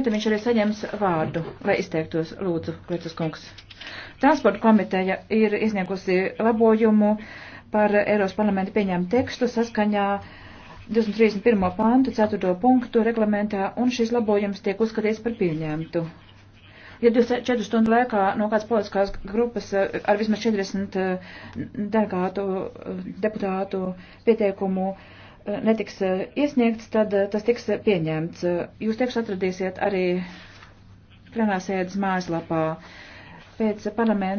Nu, tad viņš arī saņems vārdu, lai izteiktos, lūdzu, Klecas kungs. Transporta komiteja ir izniegusi labojumu par Eiropas parlamenta pieņēmu tekstu saskaņā 231. pantu 4. punktu reglamentā, un šis labojums tiek uzskatīts par pieņemtu. Ja 24 stundu laikā no kādas politiskās grupas ar vismaz 40 eh, delegātu eh, deputātu pieteikumu uh, Eh, netiks eh, iesniegts, tad eh, tas tiks pieņemts. Jūs tekstu atradīsiet arī plenāsēdes mājaslapā pēc parlamenta.